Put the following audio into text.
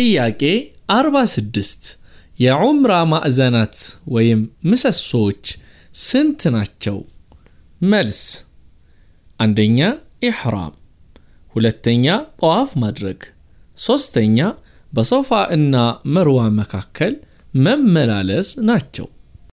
ጥያቄ 46 የዑምራ ማዕዘናት ወይም ምሰሶዎች ስንት ናቸው? መልስ አንደኛ ኢሕራም፣ ሁለተኛ ጠዋፍ ማድረግ፣ ሦስተኛ በሶፋ እና መርዋ መካከል መመላለስ ናቸው።